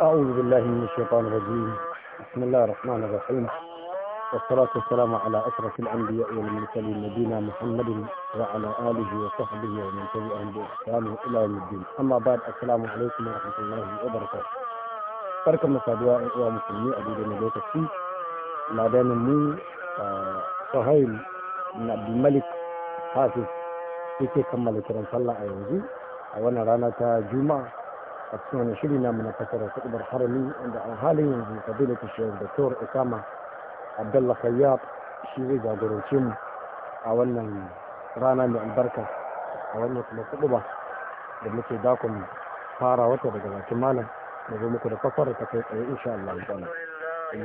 أعوذ بالله من الشيطان الرجيم بسم الله الرحمن الرحيم والصلاة والسلام على أشرف الأنبياء والمرسلين نبينا محمد وعلى آله وصحبه ومن تبعهم بإحسان إلى يوم الدين أما بعد السلام عليكم ورحمة الله وبركاته barkan mu saduwa in uwa musulmi a daidai na lokaci ladanin mu عبد الملك abdulmalik في yake kammala kiran الله عليه وسلم وأنا رانا rana جمعة a cikin wani shiri namu na kasar kuɗubar harami inda a halin yanzu kabilar shehu da tawar ikama abdalla khayyab shi zai jagorance mu a wannan rana mai albarka a wannan kuma kuɗuba da muke dakon fara wata daga bakin malam da zo muku da kafar ta kai tsaye insha Allah ta'ala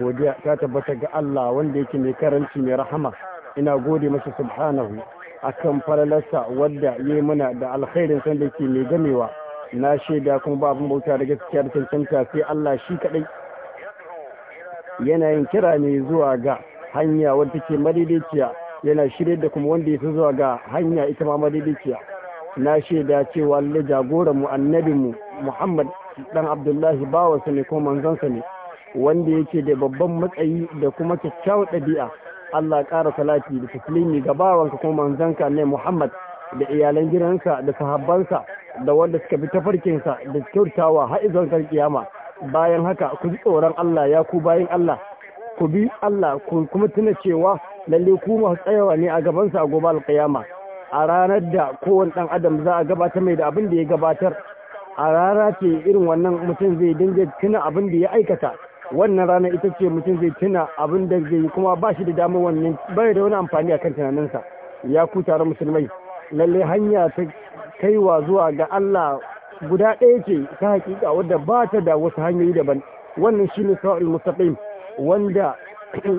godiya ta tabbata ga Allah wanda yake mai karanci mai rahama ina gode masa subhanahu akan falalarsa wadda yi mana da alkhairin san da yake mai gamewa na shaida kuma ba abin bauta da gaskiya da cancanta sai Allah shi kaɗai yana yin kira ne zuwa ga hanya wadda take madaidaiciya yana shirye da kuma wanda ya fi zuwa ga hanya ita ma madaidaiciya na shaida cewa lalle jagoran mu annabin mu Muhammad dan Abdullahi bawansa ne ko manzansa ne wanda yake da babban matsayi da kuma kyakkyawar ɗabi'a Allah ƙara salati da taslimi ga bawanka kuma ka ne Muhammad da iyalan gidansa da sahabbansa da wanda suka bi tafarkinsa da kyautawa har izon kan kiyama bayan haka ku ji tsoron Allah ya ku bayan Allah ku bi Allah ku kuma tuna cewa lalle ku masu tsayawa ne a gabansa a gobe alkiyama a ranar da kowane ɗan adam za a gabatar mai da abin da ya gabatar a rana ce irin wannan mutum zai dinga tuna abin da ya aikata wannan rana ita ce mutum zai tuna abin da zai yi kuma ba shi da damar wannan bai da wani amfani a kan tunaninsa ya ku tare musulmai lalle hanya ta kaiwa zuwa ga Allah guda ɗaya ce ta hakika wadda ba ta da wasu hanyoyi daban wannan shine sa'ul mustaqim wanda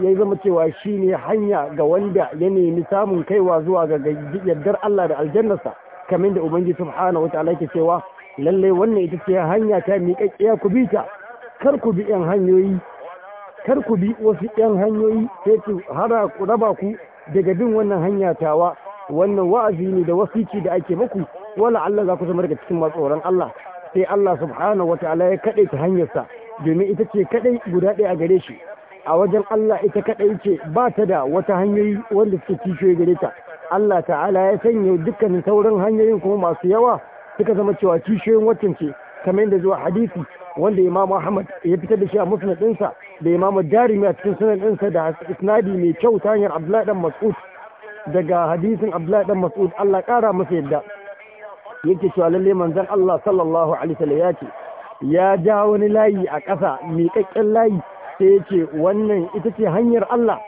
ya zama cewa shine hanya ga wanda ya nemi samun kaiwa zuwa ga yardar Allah da aljannarsa kamar da ubangiji subhanahu wataala ke cewa lalle wannan ita ce hanya ta miƙaƙƙiya ku bi ta kar ku bi yan hanyoyi kar ku bi wasu yan hanyoyi sai ku hara ku raba ku daga bin wannan hanya tawa wannan wa'azi ne da wasiki da ake muku wala Allah za ku zama daga cikin masu Allah sai Allah subhanahu wa ta'ala ya kaɗai ta hanyarsa domin ita ce kaɗai guda ɗaya a gare shi a wajen Allah ita kaɗai ce ba ta da wata hanyoyi wanda suke kishiyo gare ta Allah ta'ala ya sanya dukkanin sauran hanyoyin kuma masu yawa suka zama cewa kishiyoyin watan ce kamar yadda zuwa hadisi wanda imam ahmad ya fitar da shi a musnad ɗinsa da imam darimi a cikin sunan ɗinsa da isnadi mai kyau ta hanyar abdullahi dan mas'ud daga hadisin abdullahi dan mas'ud Allah kara masa yadda yake cewa lalle manzon Allah sallallahu alaihi wasallam ya ce ya ja wani layi a ƙasa miƙaƙƙen layi sai ya ce wannan ita ce hanyar Allah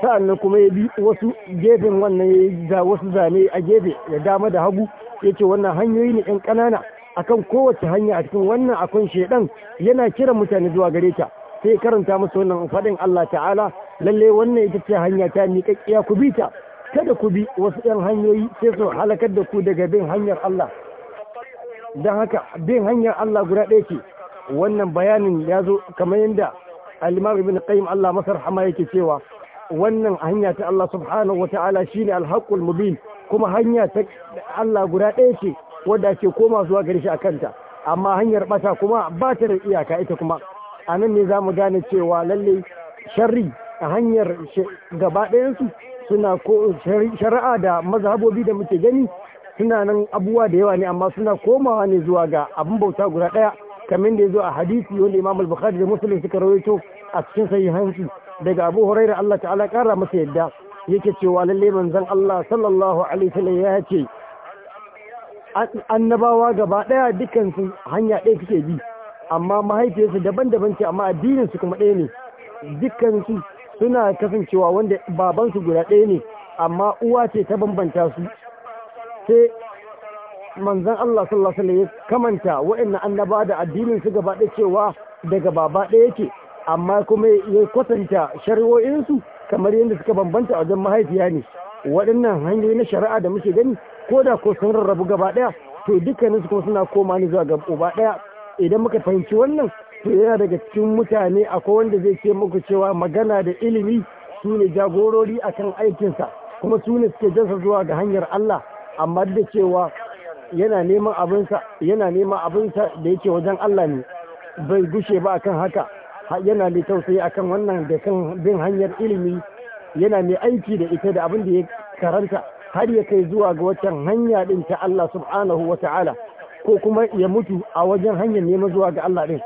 sa'annan kuma ya bi wasu gefen wannan ya wasu zane a gefe ya dama da hagu ya ce wannan hanyoyi ne 'yan ƙanana akan kowace hanya a cikin wannan akwai shaidan yana kiran mutane zuwa gare ta sai karanta musu wannan faɗin Allah ta'ala lalle wannan ita ce hanya ta miƙaƙƙiya ku bi ta kada ku bi wasu ƴan hanyoyi sai su halakar da ku daga bin hanyar Allah don haka bin hanyar Allah guda ɗaya ce wannan bayanin ya zo kamar yadda alimar ibn qayyim Allah masar hama yake cewa wannan hanya ta Allah subhanahu wa ta'ala shine al mubin kuma hanya ta Allah guda ɗaya ce wadda ke koma zuwa gare shi a kanta amma hanyar bata kuma ba ta da iyaka ita kuma anan ne za mu gane cewa lalle sharri a hanyar gaba ɗayansu suna ko shari'a da mazhabobi da muke gani suna nan abubuwa da yawa ne amma suna komawa ne zuwa ga abin bauta guda ɗaya kamar da ya zo a hadisi wanda imam al-bukhari da muslim suka rawaito a cikin sahihansu daga abu huraira Allah ta'ala kara masa yadda yake cewa lalle manzon Allah sallallahu alaihi wasallam ya ce annabawa gaba daya dukkan su hanya ɗaya suke bi amma mahaifiyarsu daban-daban ce amma addinin su kuma ɗaya ne dukkan su suna kasancewa wanda babansu guda ɗaya ne amma uwa ce ta bambanta su sai manzan Allah sallallahu alaihi ya kamanta wa'annan annaba da addinin su gaba ɗaya cewa daga baba ɗaya yake amma kuma ya kwatanta shari'o'insu kamar yadda suka bambanta wajen mahaifiya ne waɗannan hanyoyi na shari'a da muke gani ko da ko sun rarrabu gaba ɗaya to dukkaninsu kuma suna koma ne zuwa ga uba ɗaya idan muka fahimci wannan to yana daga cikin mutane akwai wanda zai ce muku cewa magana da ilimi su ne jagorori akan aikinsa kuma su ne suke jansa zuwa ga hanyar Allah amma da cewa yana neman abinsa da yake wajen Allah ne bai gushe ba akan haka yana ne tausayi akan wannan da kan bin hanyar ilimi yana mai aiki da ita da abin da ya karanta har ya kai zuwa ga watan hanya din ta Allah subhanahu wa ta'ala ko kuma ya mutu a wajen hanyar neman zuwa ga Allah din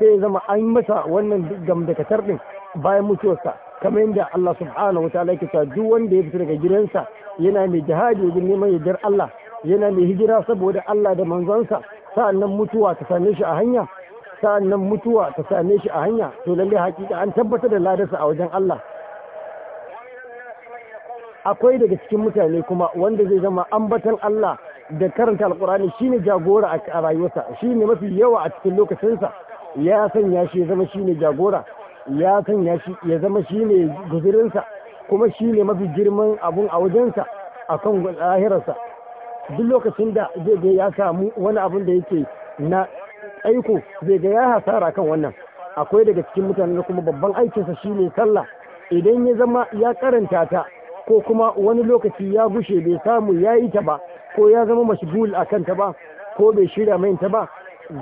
sai zama an masa wannan gamdakatar din bayan mutuwarsa kamar yadda Allah subhanahu wataala yake cewa duk wanda ya fita daga gidansa yana mai jihadi wajen neman yardar Allah yana mai hijira saboda Allah da manzonsa sa'annan mutuwa ta same shi a hanya sa'annan mutuwa ta same shi a hanya to lalle hakika an tabbatar da ladarsa a wajen Allah akwai daga cikin mutane kuma wanda zai zama ambatan Allah da karanta alkurani shine jagora a rayuwarsa shine mafi yawa a cikin lokacinsa ya sanya shi ya zama shi ne jagora ya sanya shi ya zama shi ne guzurinsa kuma shi ne mafi girman abun a wajensa a kan lahirarsa duk lokacin da zai ga ya samu wani abun da yake na aiko zai ga ya hasara kan wannan akwai daga cikin mutane kuma babban aikinsa shi ne sallah idan ya zama ya karanta ta ko kuma wani lokaci ya gushe bai samu ya yi ta ba ko ya zama mashigul a kanta ba ko bai shirya mai ta ba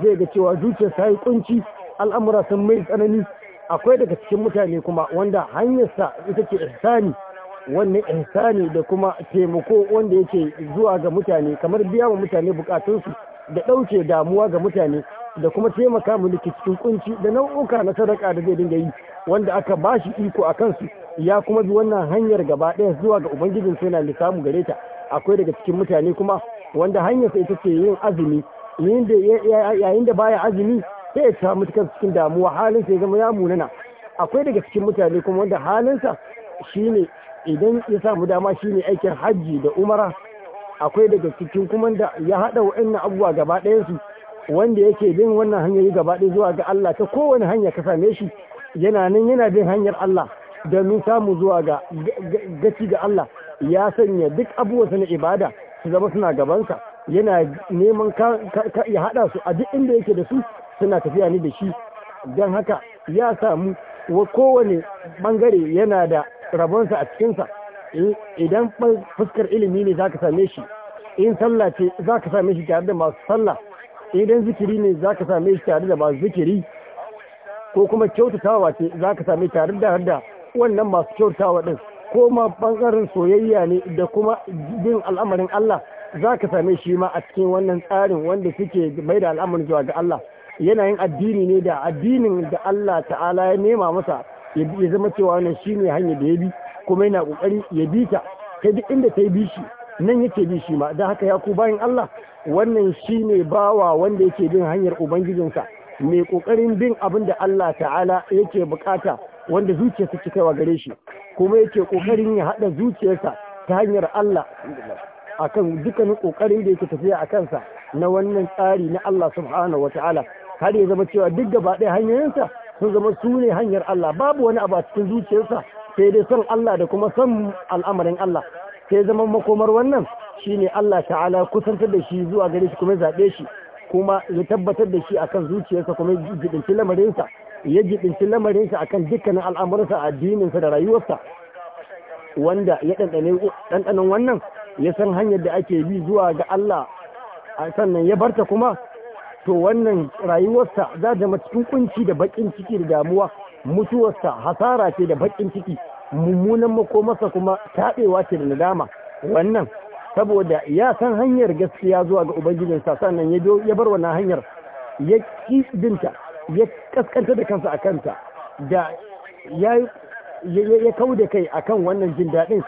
zai ga cewa zuciyar ta yi kunci al'amura sun mai tsanani akwai daga cikin mutane kuma wanda hanyarsa ita ce ihsani wannan ihsani da kuma taimako wanda yake zuwa ga mutane kamar biya wa mutane bukatunsu da ɗauke damuwa ga mutane da kuma taimaka mu cikin kunci da nau'uka na sadaka da zai dinga yi wanda aka ba shi iko a kansu ya kuma bi wannan hanyar gaba ɗaya zuwa ga ubangijin sai na lissamu gare ta akwai daga cikin mutane kuma wanda hanyarsa ita ce yin azumi yayin da baya azumi sai ya samu cikin damuwa halinsa ya zama ya munana akwai daga cikin mutane kuma wanda halinsa shine idan ya samu dama shine aikin hajji da umara akwai daga cikin kuma da ya haɗa wa'annan abubuwa gaba su wanda yake bin wannan hanyoyi gaba ɗaya zuwa ga Allah ta kowane hanya ka same shi yana nan yana bin hanyar Allah domin samu zuwa ga gaci ga Allah ya sanya duk abubuwa na ibada su zama suna gabansa yana neman ya haɗa su a duk inda yake da su suna tafiya ne da shi don haka ya samu wa kowane bangare yana da rabonsa a cikinsa eh, idan fuskar ilimi ne zaka same shi in sallah ce zaka same shi tare da masu sallah idan zikiri ne zaka same shi tare da masu zikiri ko kuma kyautatawa ce zaka same tare da da wannan masu kyautatawa din ko ma bangaren soyayya ne da kuma bin al'amarin Allah za ka same shi ma a cikin wannan tsarin wanda suke mai da al'amarin zuwa ga Allah yana yin addini ne da addinin da Allah ta'ala ya nema masa ya zama cewa wannan shi ne hanyar da ya bi kuma yana kokari ya bi ta kai duk inda ta bi shi nan yake bi shi ma da haka ya ku bayan Allah wannan shi ne bawa wanda yake bin hanyar ubangijinsa mai kokarin bin abin da Allah ta'ala yake bukata wanda zuciyarsa ke kaiwa gare shi kuma yake kokarin ya haɗa zuciyarsa ta hanyar Allah akan dukkanin kokarin da yake tafiya a kansa na wannan tsari na Allah subhanahu wataala har ya zama cewa duk gaba ɗaya hanyoyinsa sun zama su ne hanyar Allah babu wani abu a cikin zuciyarsa sai dai son Allah da kuma son al'amarin Allah sai zama makomar wannan shine Allah ta'ala kusantar da shi zuwa gare shi kuma zaɓe shi kuma ya tabbatar da shi akan zuciyarsa kuma ya jibinci lamarinsa ya jibinci lamarinsa akan dukkanin al'amuransa addininsa da rayuwarsa wanda ya ɗanɗanin wannan ya san hanyar da ake bi zuwa ga Allah sannan ya barta kuma to wannan rayuwarsa za ta cikin kunci da bakin ciki da damuwa mutuwarsa hasara ce da bakin ciki mummunan makomarsa kuma taɓewa ce da nadama wannan saboda ya san hanyar gaskiya zuwa ga ubangijinsa sannan ya ya bar wannan hanyar ya ki binta ya kaskanta da kansa a kanta da ya ya kau da kai akan wannan jin daɗin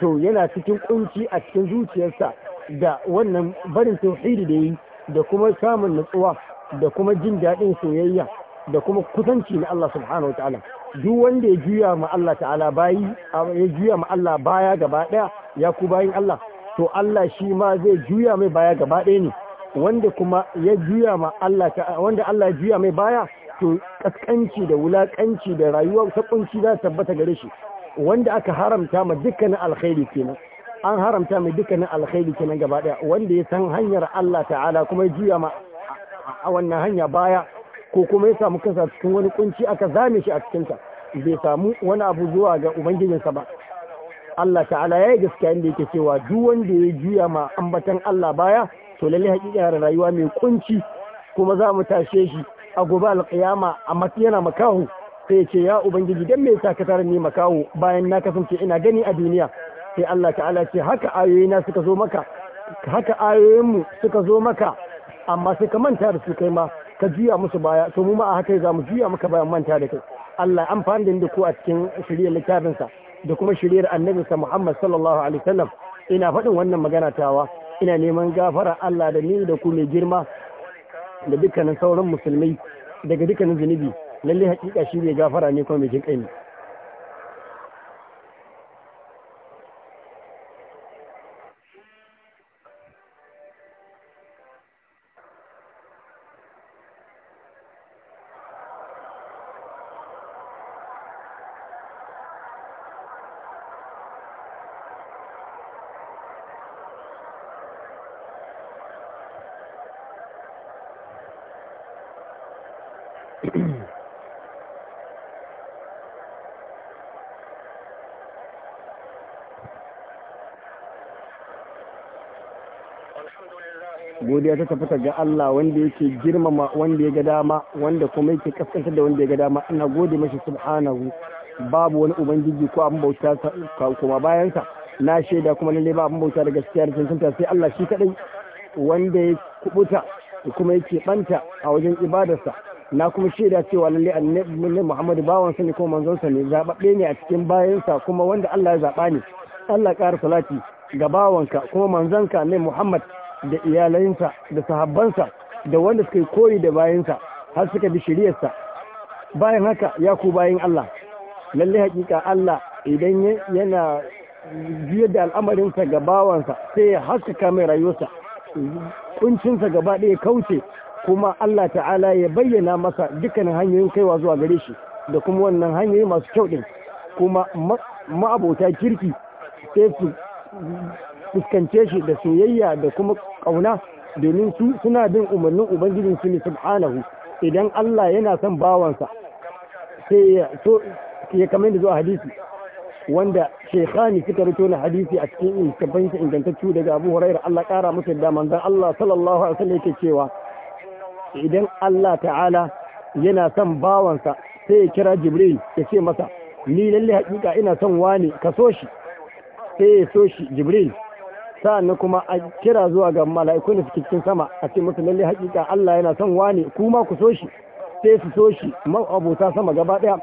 to yana cikin kunci a cikin zuciyarsa da wannan barin tauhidi da yi da kuma samun nutsuwa, da kuma jin daɗin soyayya da kuma kusanci na Allah subhanahu ta'ala duk wanda ya juya ma Allah ta'ala bayi ya juya ma Allah baya gaba daya ya ku bayin Allah to Allah shi ma zai juya mai baya gaba daya ne wanda kuma ya juya ma Allah wanda Allah ya juya mai baya to kaskanci da wulakanci da rayuwar ta kunci za tabbata gare shi wanda aka haramta ma dukkanin alkhairi kenan an haramta mai dukkanin alkhairi kenan gaba daya wanda ya san hanyar Allah ta'ala kuma ya juya ma a wannan hanya baya ko kuma ya samu kansa cikin wani kunci aka zame shi a cikin cikinsa bai samu wani abu zuwa ga ubangijinsa ba Allah ta'ala ya yi gaskiya inda yake cewa duk wanda ya juya ma ambatan Allah baya to lalle hakika yana rayuwa mai kunci kuma za mu tashe shi a gobe alƙiyama a yana makahu sai ce ya ubangiji dan me yasa ka tare ni makawo bayan na kasance ina gani a duniya sai Allah ta'ala ce haka ayoyina suka zo maka haka ayoyinmu suka zo maka amma sai ka manta da su kai ma ka juya musu baya to mu ma a haka za mu juya maka bayan manta da kai Allah amfani da ku a cikin shirye littafinsa da kuma shiryar sa Muhammad sallallahu alaihi wasallam ina faɗin wannan magana tawa ina neman gafara Allah da ni da ku mai girma da dukkanin sauran musulmai daga dukkanin zunubi lalle hakika shi ne gafara ne kuma mai jin ne godiya ta tafi ga Allah wanda yake girmama wanda ya ga dama wanda kuma yake kaskantar da wanda ya ga dama ina gode mashi subhanahu babu wani ubangiji ko abin bauta kuma bayansa na shaida kuma lalle ba abin bauta da gaskiya da cancanta sai Allah shi kadai wanda ya kubuta kuma yake banta a wajen ibadarsa na kuma shaida cewa lalle annabi Muhammad bawan sa ne kuma manzon sa ne zababbe ne a cikin bayansa kuma wanda Allah ya zaba ne Allah ƙara salati ga bawanka kuma manzanka ne Muhammad da iyalansa da sahabbansa da wanda suka yi koyi da bayansa har suka bi shiriyarsa bayan haka ya ku bayan Allah lalle hakika Allah idan yana biyar da al'amarinsa ga bawansa sai ya haskaka mai rayuwarsa kuncinsa gaba ɗaya kauce kuma Allah ta'ala ya bayyana masa dukkanin hanyoyin kaiwa zuwa gare shi da kuma wannan hanyoyi masu kyau ɗin kuma ma'abota kirki sai su fuskance shi da soyayya da kuma ƙauna domin su suna bin umarnin ubangijin su ne subhanahu idan Allah yana son bawansa sai ya so ya kamar da zuwa hadisi wanda shekhani suka rito na hadisi a cikin intabanta ingantaccu daga abu hurairar Allah ƙara musu da manzan Allah sallallahu alaihi wasallam yake cewa idan Allah ta'ala yana son bawansa sai ya kira Jibril ya ce masa ni lalle hakika ina son wani ka so shi sai ya so shi Jibril sa'annan kuma a kira zuwa ga mala'iku da suke cikin sama a ce musu lalle hakika Allah yana son wani kuma ku so shi sai su so shi ma abota sama gaba daya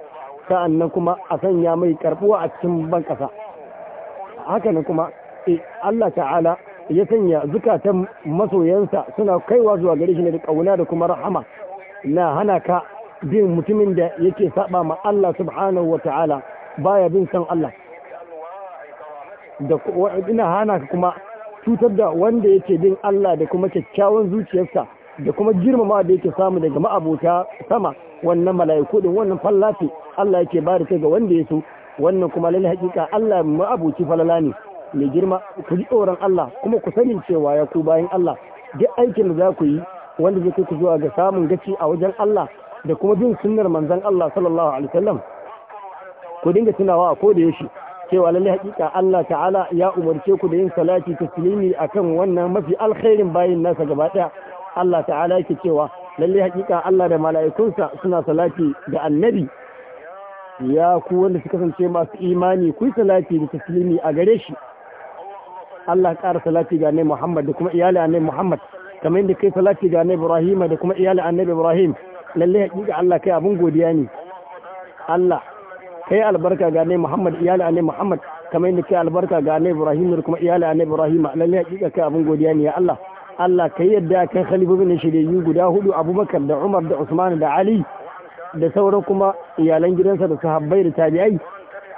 sa'annan kuma a sanya mai karbuwa a cikin ban kasa haka nan kuma eh, Allah ta'ala ya sanya zukatan masoyansa suna kaiwa zuwa gare shi da kauna da kuma rahama na hana ka bin mutumin da yake saba ma Allah subhanahu wa ta'ala baya bin san Allah da ina hana ka kuma cutar da wanda yake bin Allah da kuma kyakkyawan zuciyarsa da kuma girmama da yake samu daga ma'abota sama wannan mala'iku din wannan fallafi Allah yake ba da ga wanda ya so wannan kuma lalle hakika Allah ma'abuci falala ne mai girma ku ji tsoron Allah kuma ku sani cewa ya ku bayan Allah duk aikin da za ku yi wanda zai kai ku zuwa ga samun gaci a wajen Allah da kuma bin sunnar manzon Allah sallallahu alaihi wasallam ku dinga tunawa a koda yaushe cewa lalle hakika Allah ta'ala ya umarce ku da yin salati taslimi akan wannan mafi alkhairin bayin nasa gaba daya Allah ta'ala yake cewa lallai hakika Allah da mala'ikunsa suna salati da annabi ya ku wanda suka kasance masu imani ku salati da taslimi a gare shi Allah ƙara salati ga annabi Muhammad da kuma iyali annabi Muhammad kamar yadda kai salati ga annabi Ibrahim da kuma iyali annabi Ibrahim lalle hakika Allah kai abun godiya ne Allah kai albarka ga ne Muhammad iyali ne Muhammad kamar yadda kai albarka ga ne Ibrahim da kuma iyali ne Ibrahim lalle hakika kai abin godiya ne ya Allah Allah kai yadda kan bin shiryayyu guda hudu Abubakar da Umar da Usman da Ali da sauran kuma iyalan gidansa da sahabbai da tabi'ai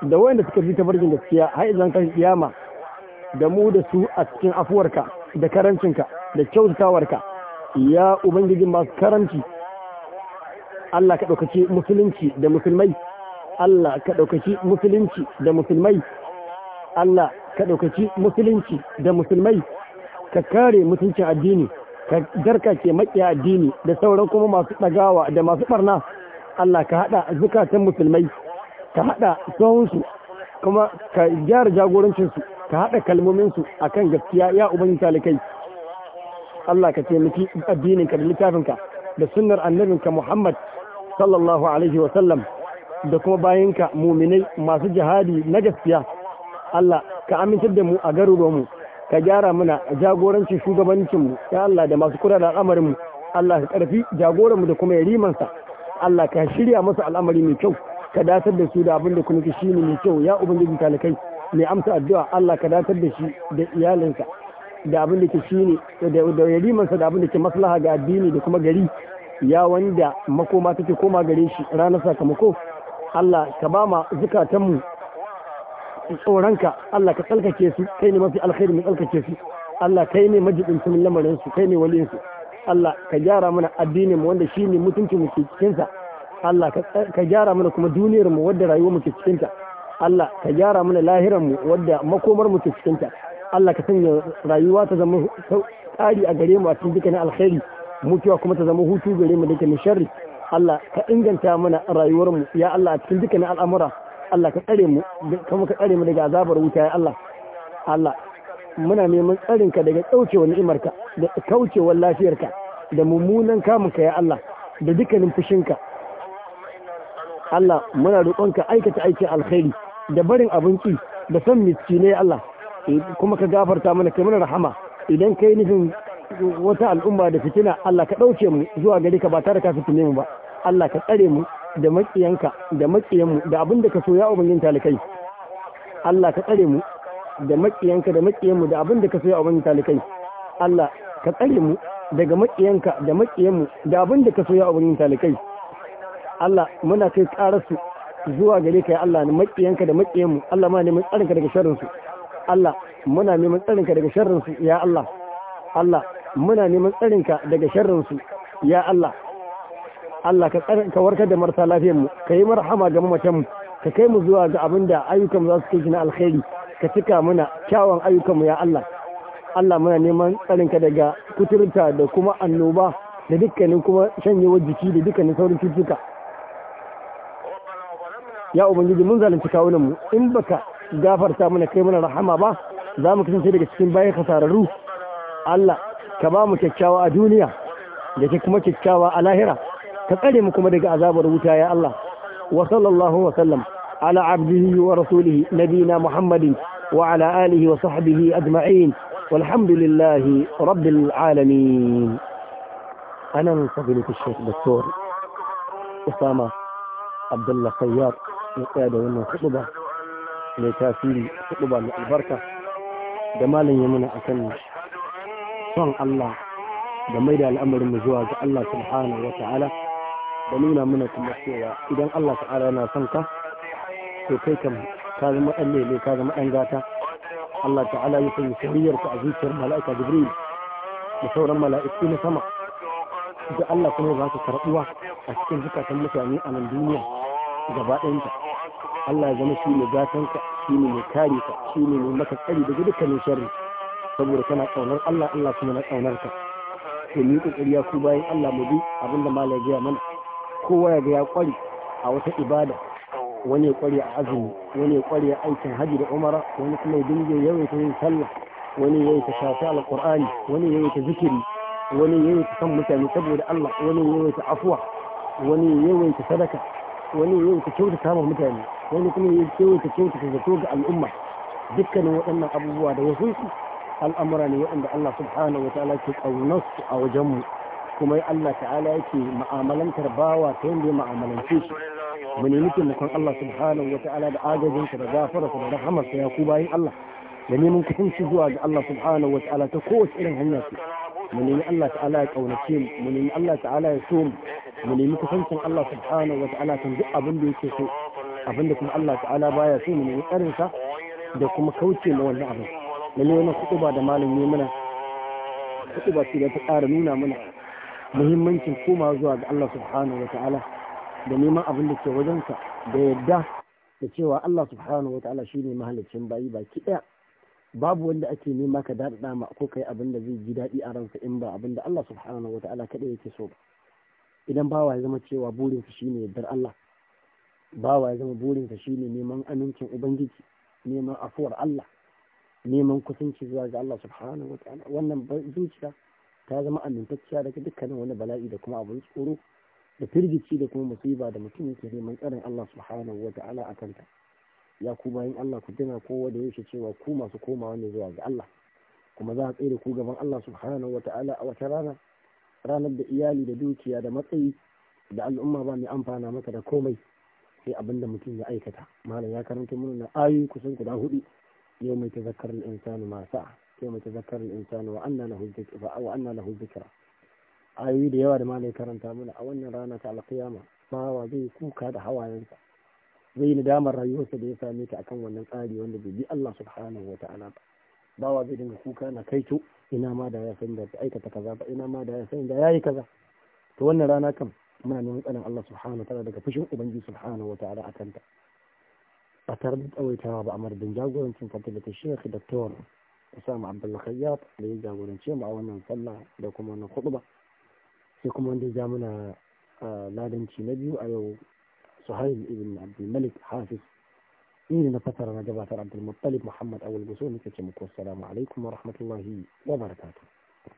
da wanda suka ta tabarjin gaskiya har idan kan kiyama da mu da su a cikin afuwarka da karancinka da kyautatawarka ya ubangiji masu karanci Allah ka ɗaukace musulunci da musulmai Allah ka ɗaukaki musulunci da musulmai Allah ka ɗaukaki musulunci da musulmai ka kare mutuncin addini ka ke maƙiya addini da sauran kuma masu ɗagawa da masu ɓarna Allah ka haɗa zukatan musulmai ka haɗa tsohonsu kuma ka gyara jagorancinsu ka haɗa kalmominsu akan gaskiya ya ubangiji talikai Allah ka taimaki addininka da littafinka da sunnar annabinka Muhammad sallallahu alaihi wa sallam da kuma bayinka muminai masu jihadi na gaskiya Allah ka amintar da mu a garuruwanmu ka gyara mana jagorancin shugabancinmu ya Allah da masu kula da al'amarinmu Allah ka karfi jagoranmu da kuma yarimansa Allah ka shirya masa al'amari mai kyau ka datar da su da abin da kuma shi ne mai kyau ya ubangiji talakai mai amsa addu'a Allah ka datar da shi da iyalinsa da abin da ke shi ne da yarimansa da abin da ke maslaha ga addini da kuma gari ya wanda makoma take koma gare shi ranar sakamako Allah ka ba ma zukatanmu tsoronka Allah ka tsarkake su kai ne mafi alkhairi mai tsarkake su Allah kai ne majibincin lamarin su kai ne waliyin su Allah ka gyara mana addinin mu wanda shine mutuncin mu ke cikin sa Allah ka gyara mana kuma duniyar mu wadda rayuwar mu ke cikin ta Allah ka gyara mana lahiran mu wadda makomar mu ke cikin ta Allah ka sanya rayuwa ta zama tsari a gare mu a cikin dukkan alkhairi mutuwa kuma ta zama hutu gare mu da sharri Allah ka inganta mana rayuwarmu ya Allah a cikin dukkanin al'amura Allah ka tsare mu kuma ka tsare mu daga azabar wuta ya Allah Allah muna neman tsarinka daga kaucewa ni'imarka da kaucewa lafiyarka da mummunan kamunka ya Allah da dukkanin fushinka Allah muna roƙonka aikata aikin alkhairi da barin abinci da son ya Allah eh, kuma ka gafarta mana kai mana rahama idan kai nufin wata al'umma da fitina Allah ka ɗauke mu zuwa gari ka ba tare ka fitine mu ba Allah ka tsare mu da maƙiyanka da mu da abin da ka so ya ubangin talikai Allah ka tsare mu da maƙiyanka da mu da abin da ka so ya ubangin talikai Allah ka tsare mu daga maƙiyanka da mu da abin da ka so ya ubangin talikai Allah muna kai ƙararsu zuwa gare ka ya Allah ne maƙiyanka da mu. Allah ma neman tsarinka daga sharrinsu Allah muna neman tsarinka daga sharrinsu ya Allah Allah muna neman tsarinka daga sharrinsu ya Allah Allah ka ka warkar da marasa lafiyar ka yi marhama ga mamacinmu ka kai mu zuwa ga abin da ayyukan za su kai na alkhairi ka cika muna kyawun ayyukanmu ya Allah Allah muna neman tsarinka daga kuturta da kuma annoba da dukkanin kuma shanyewar jiki da dukkanin saurin cututtuka ya ubangiji mun zalunci kawunanmu in baka gafarta mana kai mana rahama ba za mu kasance daga cikin bayan kasararru Allah كبامو كيكاوى دونيا لكيكما كيكاوى الاهرة كبالي داك عذاب ربوتا يا الله وصلى الله وسلم على عبده ورسوله نبينا محمد وعلى آله وصحبه أجمعين والحمد لله رب العالمين أنا من فضيلة الشيخ الدكتور أسامة عبد الله خيار مقيادة ومن خطبة لتاسيل خطبة البركة جمال يمنع أسامة son Allah da mai da al'amarin mu zuwa ga Allah subhanahu wa ta'ala da nuna mana kuma cewa idan Allah ta'ala yana son ka to kai kam ka zama ɗan lele ka zama ɗan gata Allah ta'ala ya sanya soyayyar ka a zuciyar mala'ika Jibril da sauran mala'iku na sama da Allah kuma za ka karɓuwa a cikin zukatan mutane a nan duniya gaba Allah ya zama shi ne ka, shi ne mai kare ka shi ne mai maka tsari daga dukkanin sharri saboda tana ƙaunar Allah Allah kuma na ƙaunar ka to ni kokari ya ku bayan Allah mu bi abinda malai ya mana kowa ya ga ya kware a wata ibada wani ya kware a azumi wani ya kware a aikin haji da umara wani kuma ya dinga ta yin sallah wani ya yi ta shafi alqur'ani wani ya yi ta zikiri wani ya yi ta san mutane saboda Allah wani ya yi ta afuwa wani ya yi ta sadaka wani ya yi ta kyautata ma mutane wani kuma ya yi yawaita kyautata zato ga al'umma dukkanin waɗannan abubuwa da wasu su al'amura ne waɗanda Allah subhanahu wa ta'ala ke ƙaunar su a wajen mu kuma Allah ta'ala yake ma'amalantar bawa ta yadda ya ma'amalance shi mu nemi taimakon Allah subhanahu wa ta'ala da agajin agajinsa da gafararsa da rahamarsa ya ku bayan Allah da neman shi zuwa ga Allah subhanahu wa ta'ala ta kowace irin hanya ce mu nemi Allah ta'ala ya kaunace mu mu nemi Allah ta'ala ya so mu mu nemi kusancin Allah subhanahu wa ta'ala kan duk abin da yake so abin da kuma Allah ta'ala baya so mu nemi tsarinsa da kuma kauce ma wannan abin da neman wannan ba da malam ya mana ba su da ta ƙara nuna mana muhimmancin koma zuwa ga Allah subhanahu wa ta'ala da neman abin da ke wajensa da yadda da cewa Allah subhanahu wa ta'ala shine mahalicin bayi baki ɗaya babu wanda ake nema ka daɗa dama ko kai abin da zai ji daɗi a ransa in ba abin da Allah subhanahu wa ta'ala kaɗai yake so ba idan bawa ya zama cewa burinsa ne yardar Allah bawa ya zama burinsa ne neman amincin ubangiji neman afuwar Allah neman kusanci zuwa ga Allah subhanahu wataala wannan zuciya ta zama amintacciya daga dukkanin wani bala'i da kuma abin tsoro da firgici da kuma musiba da mutum yake neman tsarin Allah subhanahu wataala a kanta ya ku bayan Allah ku dina kowa da yaushe cewa ku masu komawa ne zuwa ga Allah kuma za a tsere ku gaban Allah subhanahu wataala a wata rana ranar da iyali da dukiya da matsayi da al'umma ba mai amfana maka da komai sai abinda mutum ya aikata malam ya karanta mana ayoyi kusan guda hudu يوم يتذكر الإنسان ما سعى يوم يتذكر الإنسان وأن له الذكر وأن له الذكر ayoyi da yawa da malai karanta mana a wannan rana ta alkiyama bawa zai kuka da hawayensa zai nadamar rayuwarsa da ya same ta akan wannan tsari wanda bai bi Allah subhanahu wata'ala ba bawa zai dinga kuka na kaito ina ma ya san da aikata kaza ba ina ma ya san da yayi kaza to wannan rana kam muna neman tsanin Allah subhanahu wata'ala daga fushin ubangiji أتردد أو يتناوب عمر بن جاقول من فضيلة الشيخ دكتور أسامة عبد الله خياط لي جاقول إن شيء نصلى لكم أن خطبة فيكم أن جامنا لا شي نبيو أيو سهيل ابن عبد الملك حافظ إلى فترة نجبات عبد المطلب محمد أول بسوني كتشمكو السلام عليكم ورحمة الله وبركاته